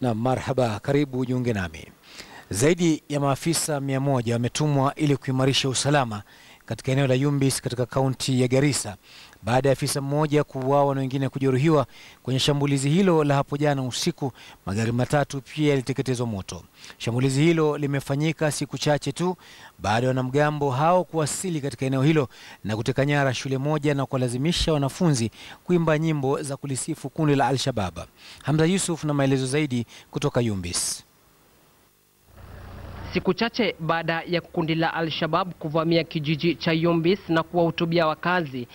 Na marhaba, karibu ujiunge nami. Zaidi ya maafisa mia moja wametumwa ili kuimarisha usalama katika eneo la Yumbis katika kaunti ya Garissa baada ya afisa mmoja kuuawa na wengine kujeruhiwa kwenye shambulizi hilo la hapo jana usiku. Magari matatu pia yaliteketezwa moto. Shambulizi hilo limefanyika siku chache tu baada ya wanamgambo hao kuwasili katika eneo hilo na kuteka nyara shule moja na kuwalazimisha wanafunzi kuimba nyimbo za kulisifu kundi la al Hamza Yusuf na maelezo zaidi kutoka Yumbis. Siku chache baada ya kundi la Al-Shabab kuvamia kijiji cha Yumbis na kuwahutubia wakazi,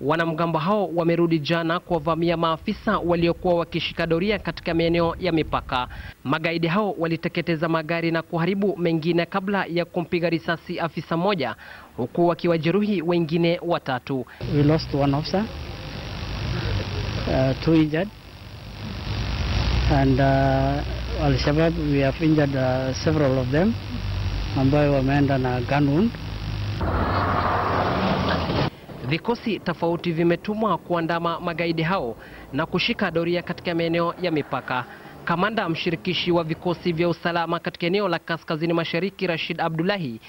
Wanamgambo hao wamerudi jana kuwavamia maafisa waliokuwa wakishika doria katika maeneo ya mipaka. Magaidi hao waliteketeza magari na kuharibu mengine kabla ya kumpiga risasi afisa mmoja, huku wakiwajeruhi wengine watatu. We lost one officer, uh, two injured. And, uh, Al-Shabaab we have injured, uh, several of them ambayo wameenda na gun wound. Vikosi tofauti vimetumwa kuandama magaidi hao na kushika doria katika maeneo ya mipaka. Kamanda mshirikishi wa vikosi vya usalama katika eneo la kaskazini mashariki, Rashid Abdullahi,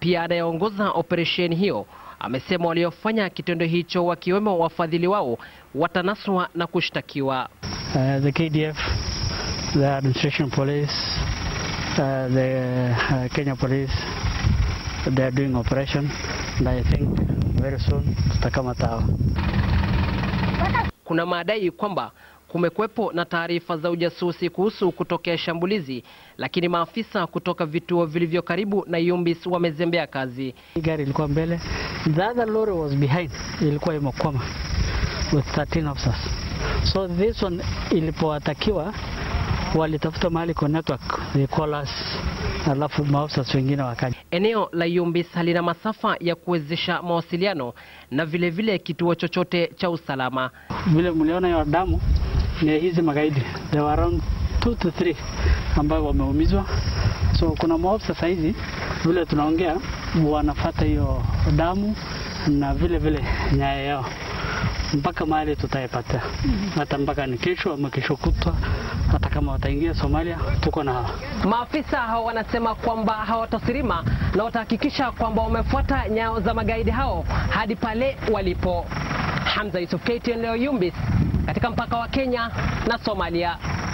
pia anayeongoza operesheni hiyo, amesema waliofanya kitendo hicho wakiwemo wafadhili wao watanaswa na kushtakiwa. Uh, the KDF, the administration police, uh, the uh, Kenya police, they are doing operation and I think very soon tutakama hao. Kuna madai kwamba kumekuwepo na taarifa za ujasusi kuhusu kutokea shambulizi, lakini maafisa kutoka vituo vilivyo karibu na Yumbis wamezembea kazi. Gari ilikuwa mbele, the other lorry was behind, ilikuwa imekwama with 13 officers. So this one ilipowatakiwa walitafuta mahali kwa network Nicholas, alafu maafisa wengine wakaja. Eneo la Yumbisa lina masafa ya kuwezesha mawasiliano na vilevile vile kituo chochote cha usalama. Vile mliona hiyo damu ni hizi magaidi, They were around 2 to 3 ambayo wameumizwa, so kuna maafisa saizi vile tunaongea wanafata hiyo damu na vile vile nyaya yao mpaka mahali tutaipata, hata mpaka ni kesho ama kesho kutwa hata kama wataingia Somalia tuko na Maafisa hao wanasema kwamba hawatasirima na watahakikisha kwamba wamefuata nyao za magaidi hao hadi pale walipo. Hamza Yusuf, KTN leo Yumbis, katika mpaka wa Kenya na Somalia.